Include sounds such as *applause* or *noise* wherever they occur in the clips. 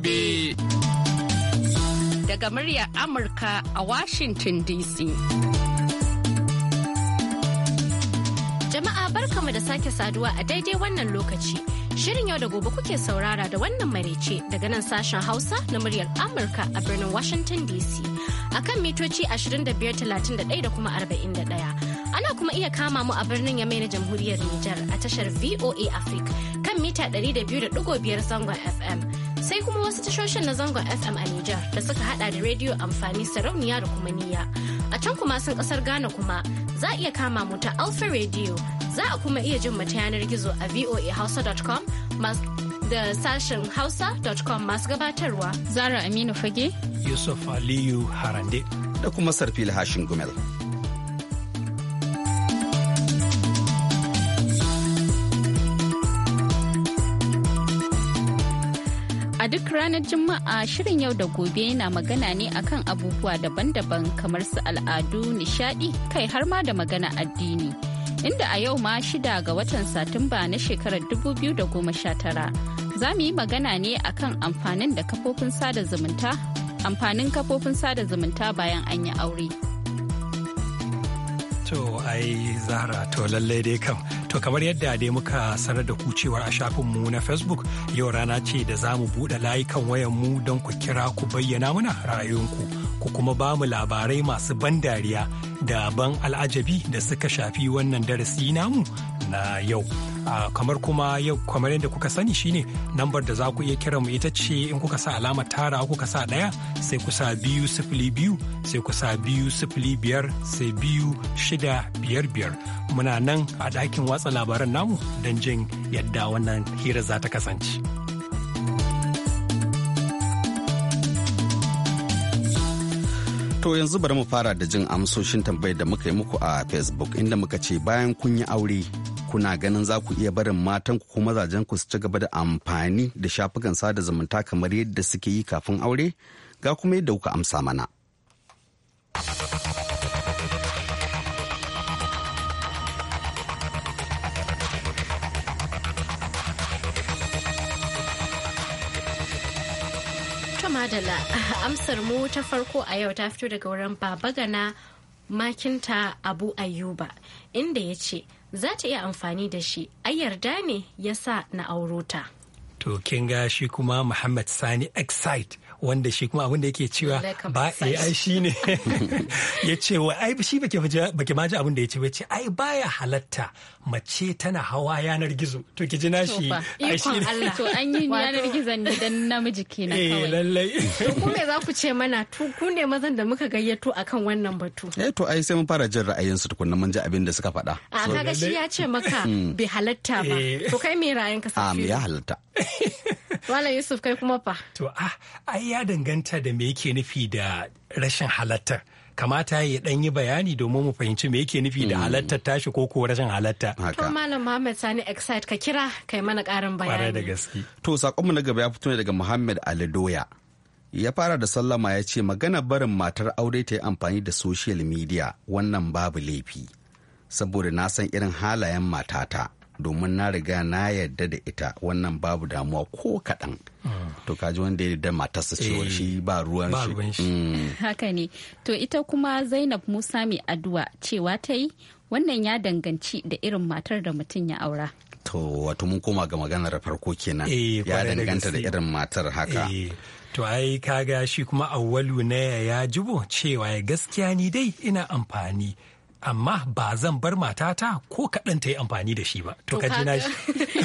gobe. Daga muryar Amurka a Washington DC. Jama'a barkamu da sake saduwa a daidai wannan lokaci. Shirin yau da gobe kuke saurara da wannan marece daga nan sashen Hausa na muryar Amurka a birnin Washington DC. A kan mitoci 2531 da kuma 41. Ana kuma iya kama mu a birnin Yamai na Jamhuriyar Nijar a tashar VOA Africa kan mita 200.5 zangon FM. sai kuma wasu tashoshin na zangon FM a Nijar da suka hada da rediyo amfani sarauniya da kuma niyya. A can kuma sun kasar Ghana kuma za a iya kama mu ta Alpha Radio za a kuma iya jin mata yanar gizo a voahausa.com da sashen hausa.com masu gabatarwa. Zara Aminu Fage. Yusuf Aliyu Harande. Da kuma Sarfil Hashin Gumel. duk ranar Juma'a shirin yau da gobe na magana ne akan abubuwa daban-daban kamar su al'adu, nishadi, kai har ma da magana addini. Inda a yau ma shida ga watan Satumba na shekarar 2019 za mu yi magana ne akan amfanin da kafofin sada zumunta, amfanin kafofin sada zumunta bayan an yi aure. To ai Zahra to lallai dai kam. To kamar yadda dai muka sanar da ku cewar a shafinmu na Facebook yau rana ce da za mu buɗe layukan wayan mu don ku kira ku bayyana mana ra'ayoyinku ku kuma ba mu labarai masu ban dariya da ban al'ajabi da suka shafi wannan darasi namu na yau. kamar kuma yau kamar yadda kuka sani shine lambar da za ku iya kira mu ita ce in kuka sa alamar tara kuka sa ɗaya sai kusa biyu sifili biyu sai kusa biyu sifili biyar sai biyu shida biyar biyar muna nan a ɗakin watsa labaran namu don jin yadda wannan hira za ta kasance. To yanzu bari mu fara da jin amsoshin tambayar da muka yi muku a Facebook inda muka ce bayan kun yi aure kuna ganin za ku iya barin matan ku ko mazajen ku su ci gaba da amfani da shafukan sada zumunta kamar yadda suke yi kafin aure ga kuma yadda kuka amsa mana. madala *laughs* amsar mu ta farko a yau ta fito daga wurin baba gana makinta abu ayuba inda ya ce za ta iya amfani da shi a yarda ne ya sa na aurota. ta. To kin ga shi kuma Muhammad Sani Excite wanda shi kuma abin da yake cewa ba ai shi ne *laughs* ya ce wa ai shi baki ma ji abin da ya ce ya ce ai baya halatta mace tana hawa yanar gizo to ki ji na shi ai shi ne to an yi yanar gizon ne dan namiji kenan eh, kawai eh lallai to me za ku ce mana to ku ne mazan da muka gayyato akan wannan batu eh to ai sai mun fara jin ra'ayinsu tukunna mun ji abin da suka faɗa a kaga shi ya ce maka hmm. bi halatta ba eh. to kai me ra'ayinka sai me ya halatta *laughs* Malam Yusuf kai kuma fa. To ah ai ya danganta da me yake nufi da rashin halattar. kamata ya dan yi bayani domin mu fahimci me yake nufi da hmm. halattar tashi ko kuwa rashin halatta. To Malam Muhammad Sani Excite ka kira kai mana karin bayani. da gaske. To sakonmu na gaba ya fito ne daga Muhammad Ali Doya. Ya fara da sallama ya ce magana barin matar aure ta yi amfani da social media wannan babu laifi. Saboda na san irin halayen matata. domin na riga na yarda da ita wannan babu damuwa ko kaɗan to kaji wanda ya da matarsa cewa shi ba ruwan shi mm. haka ne to ita kuma zainab musa mai addu'a cewa ta yi wannan ya danganci da irin matar da mutum ya aura to wato mun koma ga maganar farko kenan eh, ya danganta da irin matar haka eh, To ai kaga shi kuma awwalu na ya jibo cewa gaskiya ni dai ina amfani amma ba zan bar matata ko kaɗan ta yi amfani da shi ba to ka ji nashi.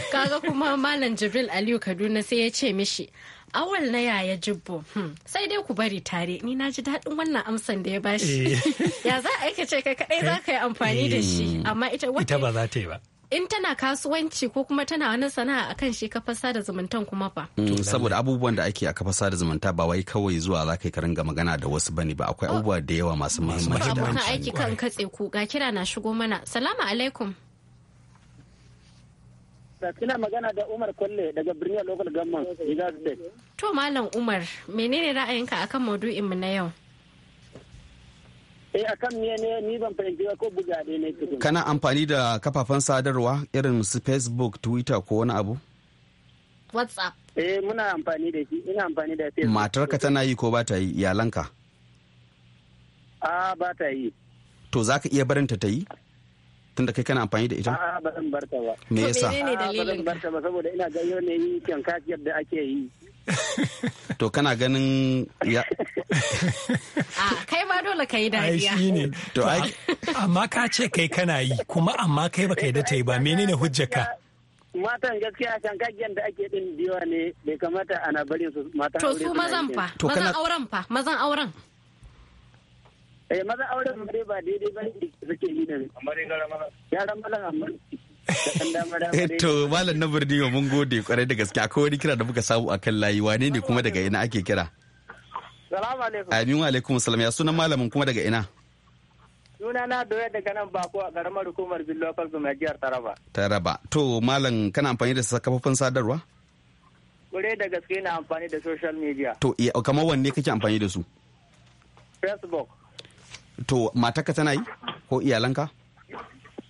*laughs* kaga kuma malam jibril aliyu kaduna sai ya ce mishi awal na yaya jibbo hmm, sai dai ku bari tare ni na ji daɗin wannan amsan da ya bashi eh. *laughs* ya za a ce kai kaɗai za ka yi amfani da shi eh. amma ita ba za ta yi ba in tana kasuwanci ko kuma tana wani sana'a kan shi kafa sada zumuntan kuma fa. Mm, saboda abubuwan da ake a kafa sada zumunta ba wai kawai zuwa za ka ringa magana da wasu bane ba akwai oh. abubuwa da yawa masu muhimmanci da amfani. aiki kan katse ku ga kira na shigo mana salamu alaikum. kina magana da Umar Kwalle daga Birnin Local Government, Jigar State. To Malam Umar, menene ra'ayinka akan maudu'in mu na yau? Eh akan me ne ni ban fahimci ba ko bugade ne tukun. Kana amfani da kafafen sadarwa irin su Facebook, Twitter ko wani abu? WhatsApp. Eh muna amfani da shi, ina amfani da Facebook. Matarka tana yi ko ba ta yi iyalanka? Ah ba ta yi. To za ka iya barinta ta yi? tunda kai kana amfani da ita a'a ba zan barta ba me yasa ba zan barta ba saboda ina ga yau ne yi kyankakiyar da ake yi *laughs* to kana ganin ya *laughs* ah, kai ma dole ka yi dariya ai ne to amma ka ce kai kana yi kuma amma kai baka yi da ta yi ba menene ka. matan gaskiya kan kajiyar da ake din diwa ne bai kamata ana barin su matan to su mazan fa mazan auren fa mazan auren eh maza auren bare ba daidai ba ne suke yi da amare gara maza yaran maza amma eh, To Malam na Birniwa mun gode kwarai da gaske akwai wani kira da muka samu a kan layi wane ne kuma daga ina ake kira? Salamu alaikum. Amin wa alaikum salam ya sunan malamin kuma daga ina? Suna na doya daga nan bako a karamar hukumar Bill Local zuma jihar Taraba. Taraba. To Malam kana amfani da kafofin sadarwa? Kure da gaske na amfani da social media. To kamar wanne kake amfani da su? Facebook. to matarka tana yi ko iyalanka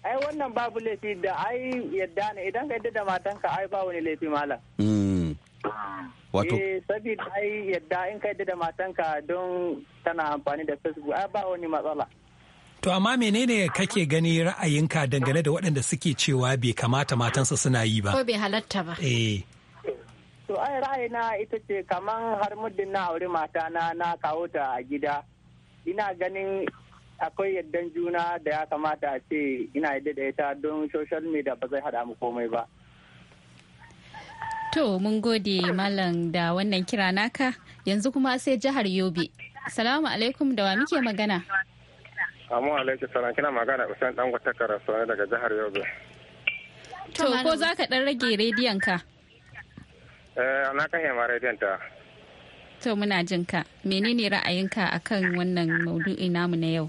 ai wannan babu laifi da ai yadda ne idan ka yadda da matanka ai ba wani laifi mala hmm. wato eh saboda ai yadda in ka yadda da matanka don tana amfani da facebook ai ba wani matsala to amma menene kake gani ra'ayinka dangane da waɗanda suke cewa bai kamata matansa suna yi ba ko bai halatta ba eh to ai ra'ayina ita ce kaman har muddin na aure mata na na kawo ta a gida ina ganin akwai yaddan juna da ya kamata a ce ina yadda da ita don social media ba zai hada mu komai ba. To mun gode malam da wannan kira naka yanzu kuma sai jihar Yobe. Salamu alaikum da wa muke magana. Amu alaikum salam kina magana Usain Dangote Karasuwa daga jihar Yobe. To ko za ka dan rage rediyon ka? Eh na kan ma rediyon ta. To muna jin ka. Menene ra'ayinka akan wannan maudu'i namu na yau?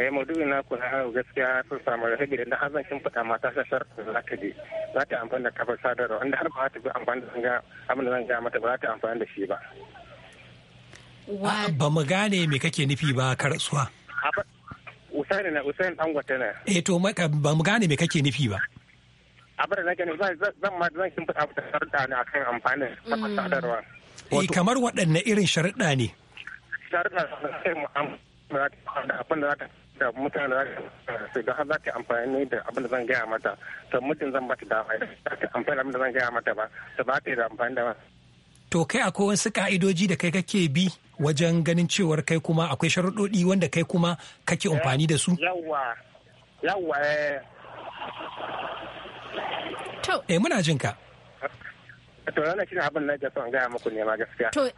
Eh maudu'i na ku na yau gaskiya sun samu rahabi da har zan kimfata mata ta shar za ta je. Za ta amfani da kafar sadarwa wanda har ba ta bi amfani da zanga abin da zan ga mata ba za ta amfani da shi ba. Ba mu gane me kake nufi ba karatsuwa. Usaini na Usaini Dangote na. Eh to ba mu gane me kake nufi ba. Abin da na gani zan ma zan kimfata mata shar da ne akan amfanin kafar mm. sadarwa. Eh, kamar waɗanne irin sharuɗa ne sharuɗa da abin da za ta da mutane za su ga har za ta amfani da abin da zan gaya mata to mutum zan ba ta dama za ta amfani da abin da zan gaya mata ba ta ba ta da amfani da ba. to kai akwai wasu ka'idoji da kai kake bi wajen ganin cewar kai kuma akwai sharuɗoɗi wanda kai kuma kake eh, amfani da su Yawwa yawwa eh to eh muna jin ka to wannan cikin abin na son gaya muku ne ma gaskiya to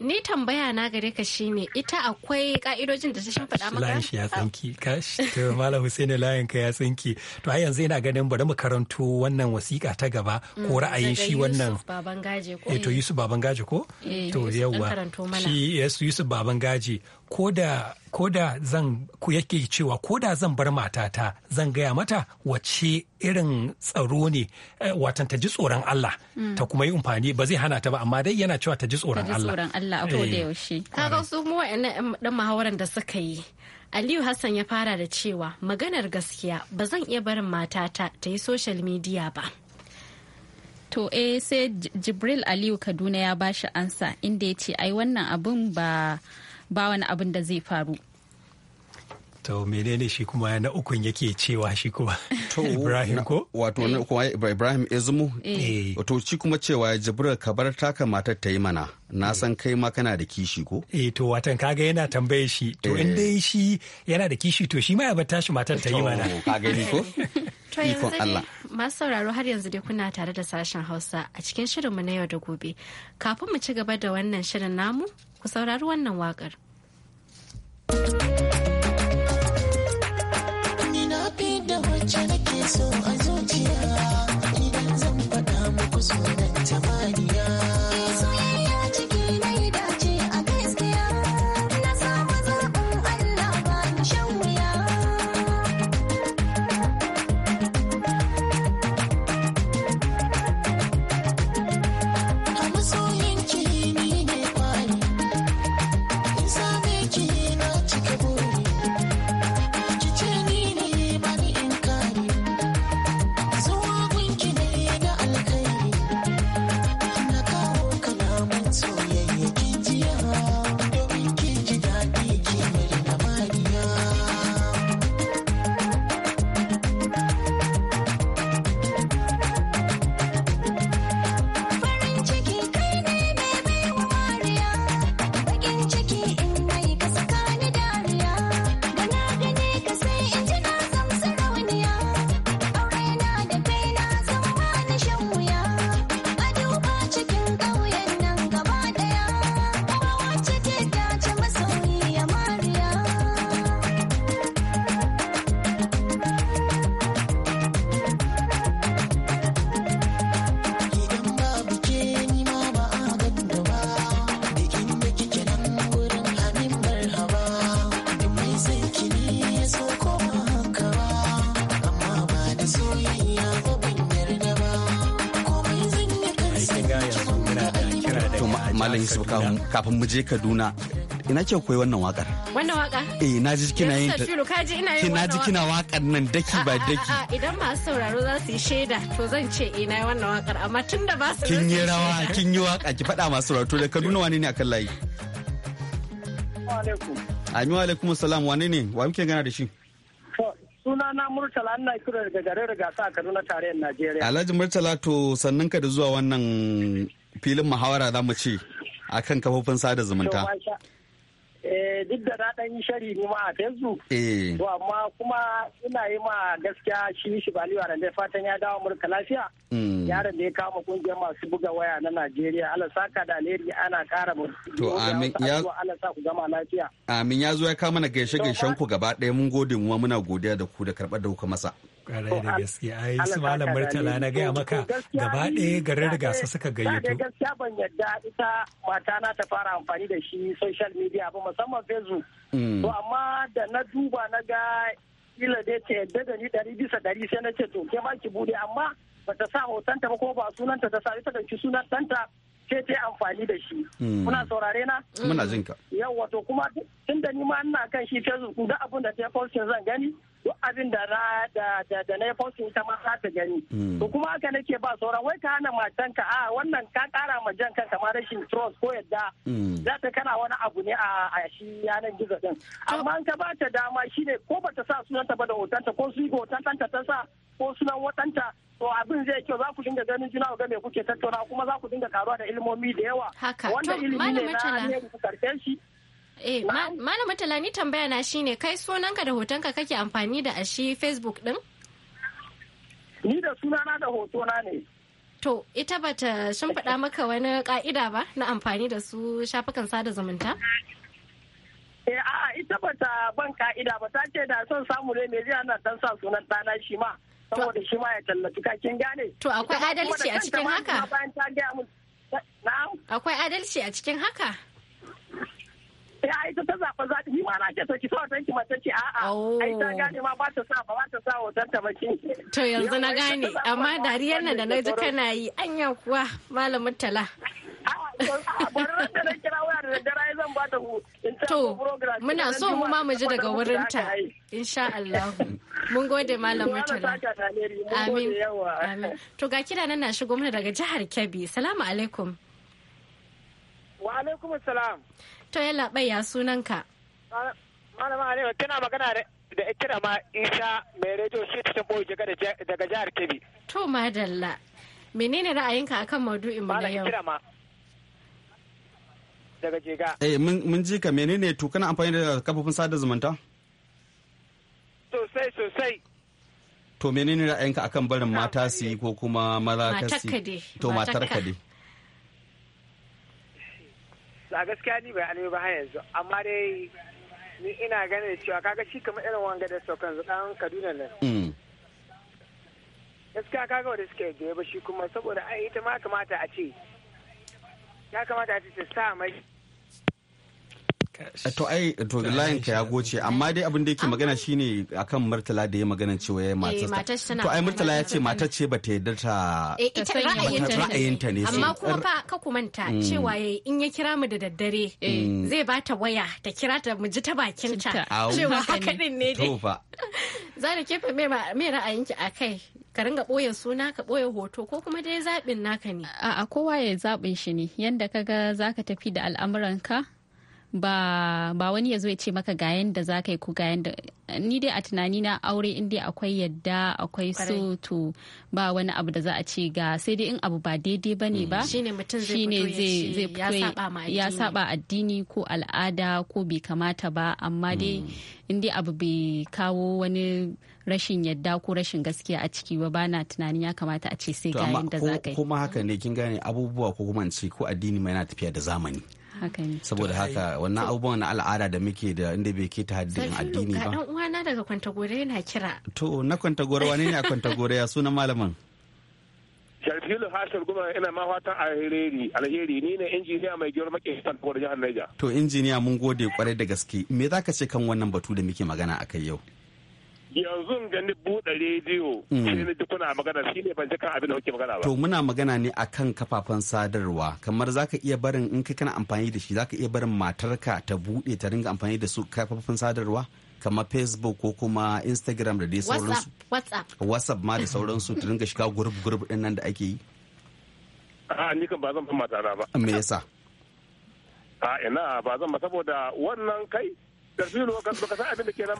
ni tambaya na gare ka shine ita akwai ka'idojin da ta shimfiɗa maka layin shi ya tsinki kash to malam Husaini layin ka ya tsinki to a yanzu ina ganin bari mu karanto wannan wasiƙa ta gaba mm, ko ra'ayin shi wannan eh to Yusuf Babangaje ko eh, to yawwa shi Yusuf Babangaje ko da Ko da zan ku yake cewa ko da zan bar matata zan gaya mata wace irin tsaro ne eh, watan ta ji tsoron Allah hmm. ta kuma yi amfani ba zai hana ta ba amma dai yana cewa ta ji tsoron Allah tsoron Allah ko da eh. yaushe kaga su mu wa'annan dan muhawaran da suka yi Aliyu Hassan ya fara da cewa maganar gaskiya ba zan iya barin matata ta yi social media ba. To eh sai Jibril Aliyu Kaduna ya bashi ansa inda ya ce ai wannan abun ba ba wani abin da zai faru to menene shi kuma na ukun yake cewa shi kuma *laughs* ibrahim ko wato na eh. kuma ibrahim ezumu eh. to shi kuma cewa jibril ka bar taka matar ta yi mana na eh. san kai ma kana da kishi ko eh to watan kaga yana tambaye shi to in dai shi yana da kishi to shi ma ya bar tashi matar ta yi mana ka gani ko *laughs* To yanzu dai masu sauraro har yanzu dai kuna tare da sashen Hausa a cikin shirinmu na yau da gobe. Kafin mu ci gaba da wannan shirin namu ku saurari wannan waƙar. Ni fi da wacce nake so yusuf kafin mu je kaduna ina ke koyi wannan wakar wannan wakar eh na ji kina yin ta kina ji kina wakar nan daki ba daki idan masu sauraro za su yi shaida to zan ce eh na wannan wakar amma tun da ba su kin yi rawa kin yi waka ki faɗa masu sauraro to da kaduna wane ne akan layi Amin wa alaikum salam wane ne wa muke gana da shi? Sunana Murtala ana kira daga garin Rigasa a Kaduna tarayyar Najeriya. Alhaji Murtala to sannan ka da zuwa wannan filin muhawara za mu ce akan kafofin sada zumunta eh, duk da na ɗan yi shari kuma a facebook eh. to amma kuma ina yi ma gaskiya shi shi bali da fatan ya dawo murka lafiya mm. yaron da ya kama kungiyar masu buga waya na najeriya ala saka da alheri ana kara mu to amin ya ala sa ku gama lafiya amin ya zo ya kama na gaishe gaishen ku gaba ɗaya mun gode mu muna godiya da ku da karɓar da kuka masa kwarai da gaske ai su malam murtala na gaya maka gaba ɗaya garin rigasa suka gayyato gaskiya ban yadda ita mata na ta fara amfani da shi social media ba musamman facebook mm. to amma da na duba na ga kila dai ta yadda da ni ɗari bisa ɗari sai na ce to ke ma ki bude amma bata sa hotonta ba ko ba sunanta ta sa ita ɗauki sunan ɗanta ce ta amfani da shi. Mm. Kuna saurare na? Muna jinka. Yawwa to kuma tun da ni ma ina kan shi Facebook duk abin da ta postin zan gani duk abin da na da da na ita ma za ta gani hmm. to kuma haka nake ba sauran wai ka hana matan ka a wannan ka kara ma jan kanka ma rashin trust ko yadda hmm. za ta kana wani abu ne a shi yanar gizo din amma ka ba ta dama shine ko ba ta sa sunanta ba da ta ko su yi ta sa ko sunan ta to abin zai kyau za ku dinga ganin juna ga me kuke tattauna kuma za ku dinga karuwa da ilmomi da yawa wanda ilimi ne na ne ku karfe shi Eh, Malama Talani tambaya na shine kai sunanka da hotonka kake amfani da a shi Facebook din? Ni da sunana da hotona ne. To, ita bata shimfiɗa maka wani ƙa'ida ba na amfani da su shafukan sada zumunta? Eh, a'a ita ta ban ka'ida ba ta ce da son samu ne mai zai ana dan sa sunan ɗana shi ma. Saboda shi ma ya tallafi kakin gane. To, akwai adalci a cikin haka? Akwai adalci a cikin haka? sai eh, aita ta zaɓa za ta ma na ce to ki sa ta oh. gane ma ba ta sa ba ba ta ta to yanzu na gane amma dariyar nan da na ji kana yi anya kuwa malamin tala To, muna so mu ma mu ji daga wurinta, insha Allah. Mun gode malam Murtala. Amin. Amin. To ga kira nan na shigo mana daga jihar Kebbi. Salamu alaikum. Wa alaikum To ya labai ya ka. Malama Halima tana magana da ikira ma Isa mai rediyo shi ta boye daga jihar Kebbi. To madalla. Menene ra'ayinka akan maudu'in mu na yau? kira Daga jega. Eh mun ji ka menene to kana amfani da kafofin sada zumunta? Sosai sosai. To menene ra'ayinka akan barin mata su yi ko kuma maza ka su? yi? To matarka dai. a gaskiya ni bai alwe ba har yanzu amma dai ni ina ganin cewa kaga shi kamar irin wanga da saukan zuɗan kaduna nan mm. gaskiya kaga wanda suke biye ba shi kuma saboda ai ita ma kamata a ce ya kamata a ce ta sa mai Eh, to ai to layin ka ya goce amma dai abin da yake magana shine akan murtala da ya magana cewa ya eh, matar to ai murtala ya ce matar ce bata yarda ta ra'ayin eh, ta ne amma kuma fa ka kumanta mm. cewa yayi in ya kira mu da daddare mm. zai bata waya ta kira ta mu ji ta bakin ta cewa haka din ne dai *laughs* za da kefe me ki akai ka ringa boye suna ka ɓoye hoto ko kuma dai zaɓin naka ne. A'a kowa ya zaɓin shi ne yadda ka ga za ka tafi da al'amuranka ba ba wani ya zo ya ce maka ga yanda za ka yi ku ga yanda ni dai a tunani na aure in dai akwai yadda akwai so to ba wani abu da za a ce ga sai dai in abu ba daidai ba ne ba mm. shine ne zai fito ya saba addini ko al'ada ko bai kamata ba amma dai mm. in dai abu bai kawo wani rashin yadda ko rashin gaskiya a ciki ba bana tunanin ya kamata a ce sai ga yanda za ka yi kuma haka ne kin gane abubuwa ko kuma ko addini mai tafiya da zamani saboda haka wannan abubuwan na al'ada da muke da inda bai ke ta haddin addini ba dan uwana daga gore yana kira to na gore wane ne a gore ya sunan malamin Sharfilu Hashir Guma ina ma fatan alheri alheri ni ne injiniya mai girma ke kwantagore jihar Niger to injiniya mun gode kwarai da gaske me zaka ce kan wannan batu da muke magana kai yau yanzu ga ni buɗe rediyo mm. sai na kuna magana shi ne ban ji kan abin da kuke magana ba. To muna magana ne akan kafafen sadarwa kamar zaka iya barin in kai kana amfani da shi zaka iya barin matarka ta buɗe ta ringa amfani da su kafafen sadarwa kamar facebook ko kuma instagram da dai sauransu. WhatsApp. WhatsApp ma da sauransu ta ringa shiga gurub gurub din nan da ake yi. a ni kan ba zan ba matara ba. Me yasa? A ina ba zan ba saboda wannan kai kenan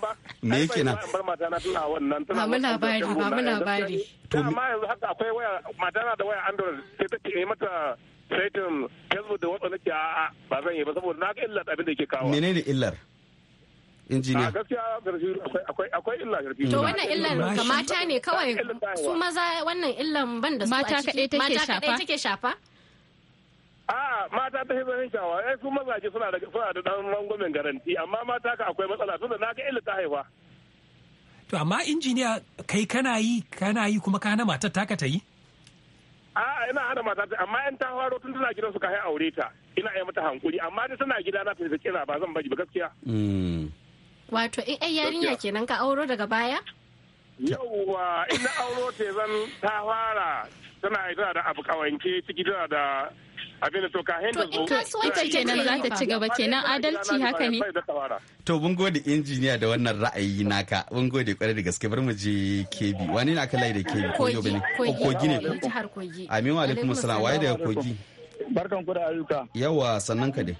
ba. Me yake nan? Bar mata na tana a'a ba illar injiniya. To wannan illar ga mata ne kawai su maza wannan illan ban da su a ciki Mata kaɗai take shafa? A'a, mata ta hizo shawa ai eh, su mazaje suna da suna da dan rangwamen garanti amma mata ka akwai matsala tunda na ga illa ta haifa to amma injiniya kai kana yi kana yi kuma kana matar taka ta yi A'a ina hana mata ta amma in ta faro tun tana gidansu ka hai aure ta ina yi mata hankuri amma da tana gida na fita kira ba zan bari ba gaskiya hmm. wato in ai yarinya kenan ka auro daga baya yauwa ina auro ta zan ta fara tana tana da abu kawance ciki tana da abin da to ka hinda zo to ita kenan za ta ci gaba kenan adalci haka ne to mun gode injiniya da wannan ra'ayi naka mun gode kwarai da gaske bar mu je kebi wani na kallai da kebi ko yobe ne ko kogi ne ko amin wa alaikum assalam waye daga kogi barkan ku da ayyuka yawa sannan ka dai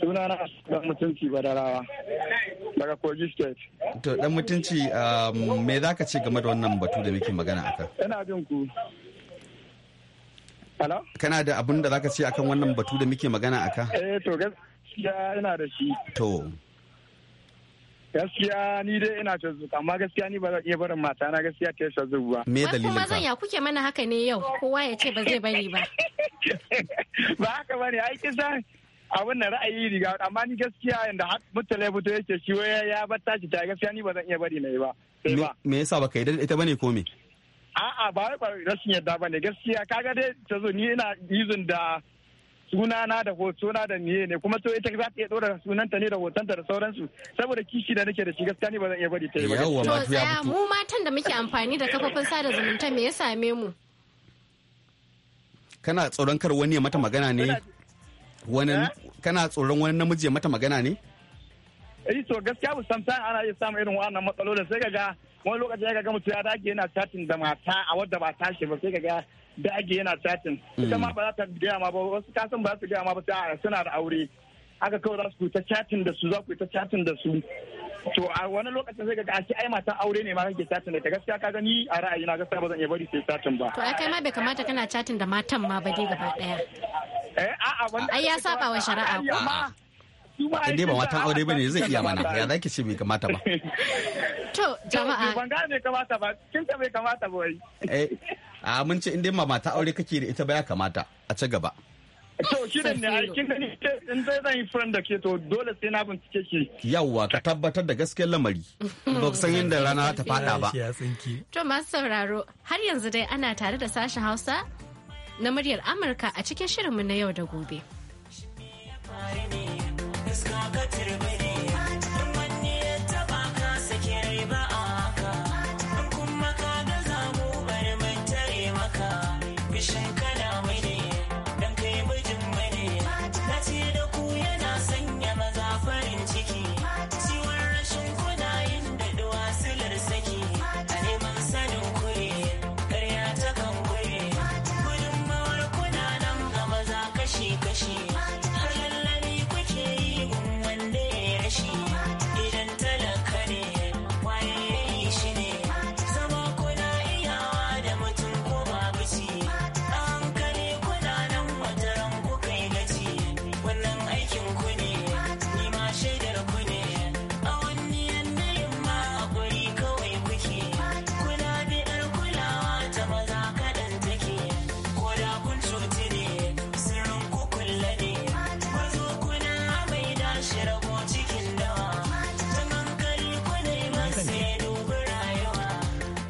suna na dan mutunci badarawa daga kogi state to dan mutunci um, me za ka ce game da wannan batu da muke magana akan ina jin ku Kana da abin da zaka ce akan wannan batu da muke magana aka? Eh to gaskiya ina da shi. To. gaskiya ni dai ina facebook amma gaskiya ni ba zan iya barin mata na gaskiya ta facebook ba me dalilin ka kuma ya kuke mana haka ne yau kowa ya ce ba zai bari ba *laughs* ba haka bane ai kisa abin da ra'ayi riga amma ni gaskiya yanda mutale fito yake shi ya batta tashi ta gaskiya ni ba zan iya bari na yi ba me yasa baka yi ita bane ko me A'a ba ba rashin yadda ba ne gaskiya kaga dai ta zo ni ina izin da sunana da hotona da niye ne kuma to ita za ta iya dora sunanta ne da hotonta da sauransu saboda kishi da nake da shi gaskiya ne ba zan iya bari ta yi ba. To tsaya Mu matan da muke amfani da kafofin sada zumunta me ya same mu? Kana tsoron kar wani ya mata magana ne? Wani eh? kana tsoron wani namiji ya mata magana ne? eh to gaskiya san ana iya samun irin wannan matsalolin sai kaga wani lokaci ya ga mutum ya dage yana chatting da mata a wadda ba tashi ba sai kaga dage yana chatting hmm. ita ma ba za ta gaya ma ba wasu kasan ba za su gaya ma ba sai suna da aure haka kawai za su ta chatting da su za ku ta chatting da su to a wani lokacin sai kaga ashe ai matan aure ne ma kake chatting da ta gaskiya ka gani a ra'ayina gaskiya ba zan iya bari sai chatting ba to ai kai ma bai kamata kana chatting da matan ma ba dai gaba daya eh a'a ai ya saba wa shari'a ko in dai ba matan aure ne zai iya mana ya ki ce bai kamata ba *laughs* to jama'a ban ga bai kamata ba kin ta bai kamata ba wai eh a mun ce in dai ma mata aure kake da ita ba ya kamata a ci gaba To shi da ne kin gani in zai zan yi furan da ke to dole sai na bincike ki. Yawwa ka tabbatar da gaskiyar lamari. *laughs* Ba ku san yadda rana ta fada ba. To masu sauraro har yanzu dai ana tare da sashen Hausa na muryar Amurka a cikin shirinmu na yau da gobe.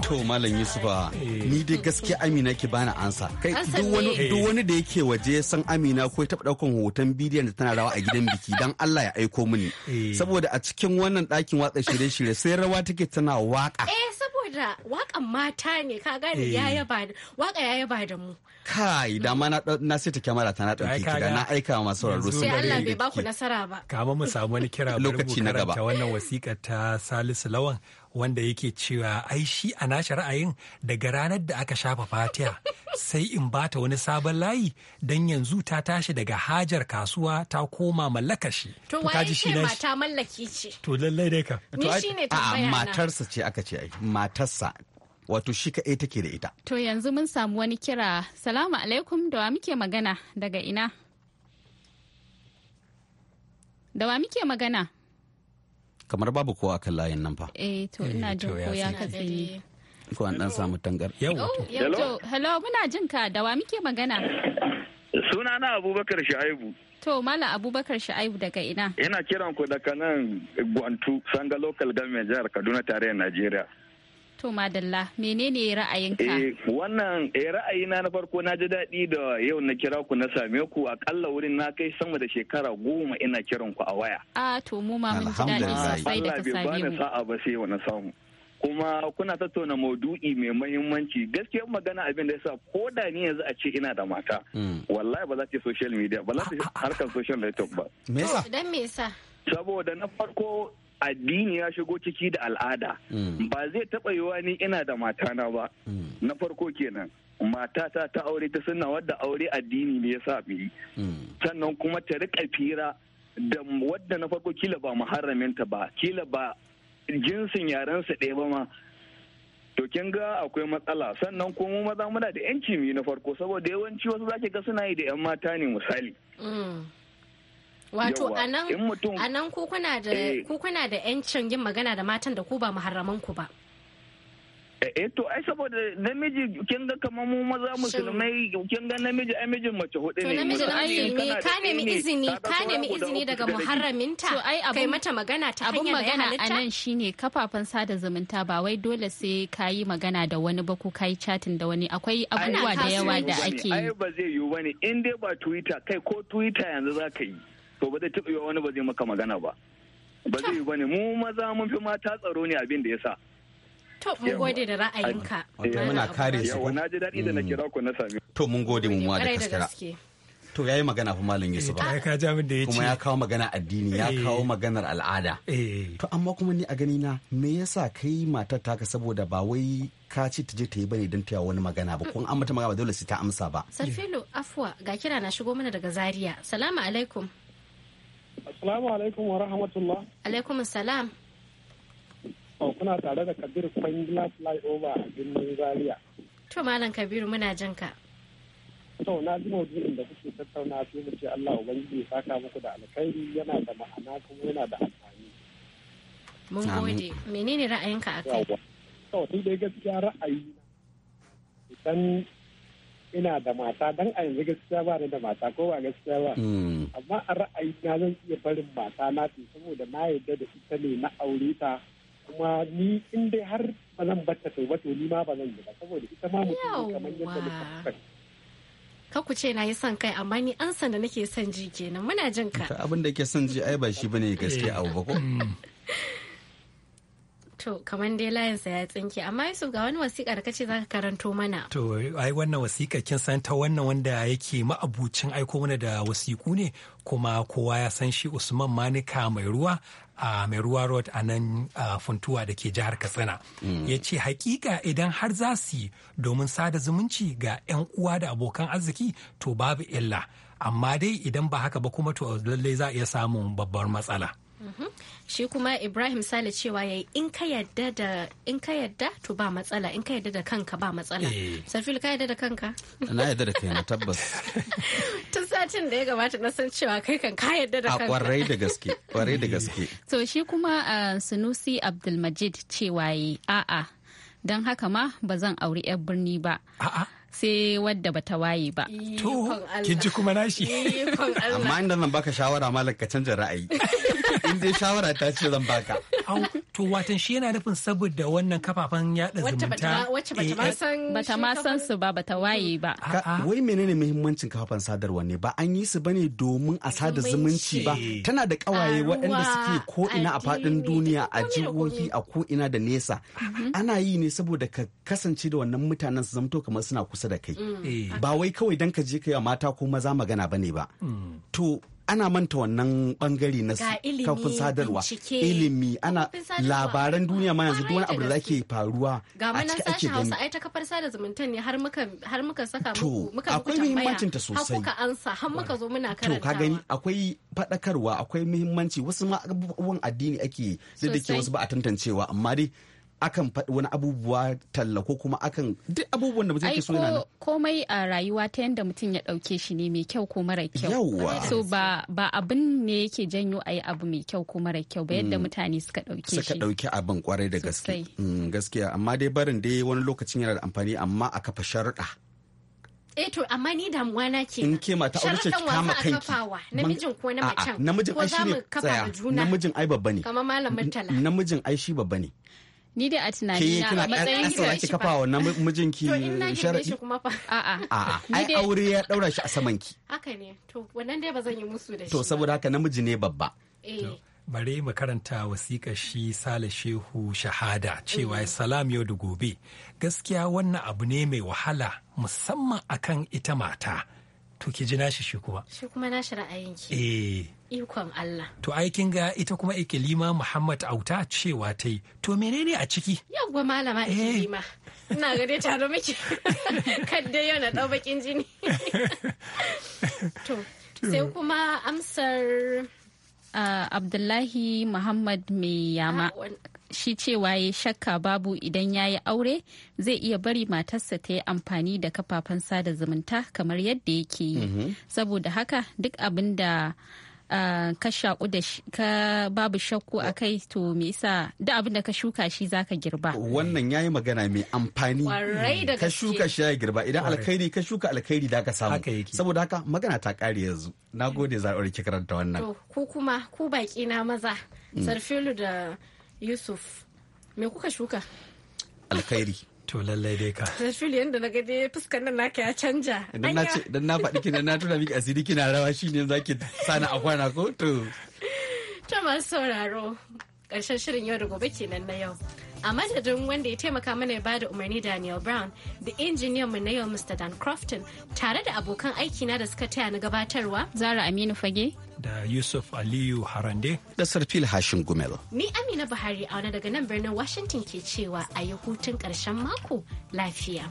to malam yusufa ni dai gaskiya amina ki bani ansa kai duk wani da yake waje san amina ko ya taba daukan hoton bidiyon da tana rawa a gidan biki dan Allah ya aiko mini eh. saboda a cikin wannan ɗakin watsa shirye-shirye sai rawa take tana waka eh saboda wakan mata ne ka gane ya eh. yaba waka ya yaba da mu kai da ma na na sai ta kyamara ta na dauke ki da na aika ma rusu sai Allah bai ba ku nasara ba kama mu samu wani kira *laughs* lokaci na gaba wannan wasiƙa ta Salisu Lawan wanda yake cewa ai shi a nashi ra'ayin daga ranar da aka shafa fatiya sai in bata wani sabon layi don yanzu ta tashi daga hajar kasuwa ta koma mallaka shi to waye shi mata mallaki ce to lallai dai ka ni shine tambaya matarsa ce aka ce ai matarsa wato shi kaɗai take da ita to yanzu mun samu wani kira salamu alaikum da wa muke magana daga ina da wa muke magana kamar babu kowa kan layin nan fa eh to ina eh, jin ko ya katse ko an dan samu tangar yau hello muna jin ka da wa muke magana suna na abubakar shaibu to mala abubakar shaibu daga ina ina kiran ku daga nan gwantu sanga local government jihar kaduna tarayyar najeriya To Madalla, menene ra'ayinka? Eh, wannan eh, ra'ayina na farko na ji daɗi da yau na kira ku na same ku akalla wurin na kai sama da shekara goma ina kiran ku a waya. A to mu ma mun ji daɗi sosai da ka same mu. Allah bai bani sa'a ba sai wani samu. Kuma kuna tattauna maudu'i mai mahimmanci gaskiya magana abin da sa ko da ni yanzu a ce ina da mata. Hmm. Wallahi ba za ta social media ba za ta harkar social network ba. Me yasa? Dan me yasa? Saboda na farko addini ya shigo ciki da al'ada mm. ba zai taɓa yiwa ni ina da matana ba mm. na farko kenan matata ta aure ta suna wadda aure addini ne ya sa biyi mm. sannan kuma ta riƙa fira da wadda na farko kila ba muharraminta ba kila ba jinsin yarensa ɗaya ba ma to kin ga akwai matsala sannan kuma maza muna da yanci na farko saboda yawanci wasu zaki ga suna yi da yan mata ne misali Wato anan eh. ku kuna da yancin yin magana da matan da ku ba muharraman ku ba. eh, eh to ai saboda namiji kin ga kamar mu maza musulmai kin ga namiji ai mijin mace hudu ne to namiji ai ne ka nemi izini ka nemi izini daga muharraminta kai mata magana ta abun magana anan shine kafafan sada zumunta ba wai dole sai kayi magana da wani ba ko kayi chatting da wani akwai abubuwa da yawa da ake ai ba zai yiwu bane in dai ba twitter kai ko twitter yanzu za ka yi to ba zai taɓa wani ba zai maka magana ba ba zai yi ba ne mu maza mun fi mata tsaro ne abin da ya sa To mun gode da ra'ayinka. Muna kare su. Yawa na ji daɗi da na mm. kira ku na sami. To mun gode mu ma da gaskiya. To yayi magana fa Malam Yusuf. Ya ka ji abin da ya ce. Kuma ya kawo magana addini, ya eh. kawo maganar al'ada. Eh. To amma kuma ni a gani na me yasa kai matar taka saboda ba wai ka ci ta je ta yi bane don ta wani magana ba kun an mata magana ba dole sai ta amsa ba. Sarfilo afwa ga kira na shigo mana daga Zaria. Salamu alaikum. Assalamu alaikum wa rahmatullah. Alaikum salam. Oh, kuna tare da Kabir Kwangila Flyover a birnin Zaria. To Malam Kabiru muna jin ka. To na ji maudu'in da kuke tattauna sai mu ce Allah ubangiji saka muku da alkhairi yana da ma'ana kuma yana da amfani. Mun gode. Menene ra'ayinka akai? To sai dai gaskiya ra'ayi idan ina da mata dan a yanzu gaskiya ba da mata ko ba gaskiya ba hmm. amma a ra'ayi na zan iya barin mata na saboda na yadda da ita ne na aure ta kuma ni in dai har ba zan bata kai ba ni ma ba zan yi ba saboda ita ma mutum ne kamar yadda muka ka ku ce na yi son kai amma ni an san da nake son ji kenan muna jin ka abin da ke son ji ai ba shi bane gaskiya abu ba ko hmm. *laughs* to kamar dai layinsa ya tsinke amma yusuf ga wani wasiƙa da kace zaka karanto mana to ai wannan wasiƙa kin san ta wannan wanda yake ma'abucin aiko mana da wasiƙu ne kuma kowa ya san shi usman manika mai ruwa a mai ruwa road a nan funtuwa da ke jihar katsina mm. ya ce hakika idan har za su yi domin sada zumunci ga 'yan uwa da abokan arziki to babu illa amma dai idan ba haka ba kuma to lallai za a iya samun babbar matsala shi kuma ibrahim sale cewa yayi in ka yadda da in ka yadda to ba matsala in ka yadda da kanka ba matsala eh. safil ka yadda da kanka na yadda da kai na tabbas *laughs* tun satin da ya gabata na san cewa kai kan ka yadda da kanka a kwarai da gaske kwarai da gaske *laughs* to shi kuma uh, sunusi abdulmajid cewa ya a'a don haka ma ba zan auri 'yar birni ba sai wadda bata waye ba. To, kin ji kuma nashi. Amma inda zan baka shawara malam ka ra'ayi. *laughs* in dai shawara ta ce zan baka to watan shi yana nufin saboda wannan kafafen yada zumunta wacce bata eh, eh, ma san su ba bata waye ba wai menene muhimmancin kafafen sadarwa ne ba an yi su bane domin a sada zumunci ba tana da kawaye waɗanda suke ko ina a faɗin duniya a jihohi a ko ina da nesa mhm. ana yi ne saboda ka kasance da wannan mutanen su zamto kamar suna kusa da kai mm. eh. ba wai kawai dan ka je kai mata ko maza magana bane ba mm. to ana manta wannan bangare na kafin sadarwa ilimi ana labaran duniya ma yanzu duk wani abu da zake faruwa a cikin ake gani ga ai ta kafar sada zumunta ne har muka har muka saka muku muka akwai muhimmancin ta sosai har kuka ansa har muka zo muna karanta. to ka gani akwai fadakarwa akwai muhimmanci wasu ma abubuwan addini ake da dake wasu ba a tantancewa amma dai akan faɗi wani abubuwa talla ko kuma akan duk abubuwan da mutum ke so yana komai a rayuwa ta yanda mutum ya ɗauke shi ne mai kyau ko mara kyau yawa so ba ba abin ne yake janyo ayi abu mai kyau ko mara kyau ba yadda mm. mutane suka ɗauke shi suka ɗauki abin kwarai da gaske mm, gaskiya amma dai barin dai wani lokacin yana da amfani amma a kafa sharuɗa eh to amma ni damuwa na ke in ke mata aure ce ki kama kanki namijin ko na macen namijin ai shine namijin ai babba ne kamar malamin murtala namijin ai shi babba ne ni dai a tunani na a matsayin ki kina kika fa wannan ki sharadi kuma fa a'a a'a ai aure ya daura shi a saman ki haka ne to wannan dai ba zan yi musu da shi to saboda haka namiji ne babba eh bare mu karanta wasiƙa shi sale shehu shahada cewa mm. salam yau da gobe gaskiya wannan abu ne mai wahala musamman akan ita mata to ki ji nashi shi kuma shi kuma nashi ra'ayin ki eh Ikon Allah. To aikin ga ita kuma Ikilima Muhammad Auta cewa ta yi. To menene a ciki? Yawwa malama eh. Ikilima. Ina gade taro miki. *laughs* Kadda yau na ɗau bakin jini. *laughs* to sai kuma amsar ah, Abdullahi Muhammad mai yama. Ah, Shi cewa ya shakka babu idan ya yi aure zai iya bari matarsa ta yi amfani da kafafen sada zumunta kamar yadda yake yi. Mhm. Saboda haka duk abin da ka shaƙu da ka babu shakku a kai to me isa da abin da ka shuka shi zaka girba wannan yayi magana mai amfani ka shuka shi ya girba idan alkhairi ka shuka alkhairi da ka samu saboda haka magana ta kare yanzu na gode za ki karanta wannan ku kuma ku baki na maza mm. sarfilu da yusuf me kuka shuka alkhairi To lallai dai ka. Da fili yadda na gaje fuskar nan naka ya canja. Idan na faɗi kina na tuna miki asiri kina rawa shine zaki sani a kwana ko to. Ta masu sauraro. Ƙarshen shirin yau da gobe kenan na yau. a madadin wanda ya taimaka mana ya bada umarni Daniel Brown da injiniyan mu na yau Mr. Dan Crofton tare da abokan aiki na da suka taya na gabatarwa Zara Aminu Fage da Yusuf Aliyu Harande da Sarfil Hashim Gumel. Ni Amina Buhari a wani daga nan birnin Washington ke cewa a yi hutun ƙarshen mako lafiya.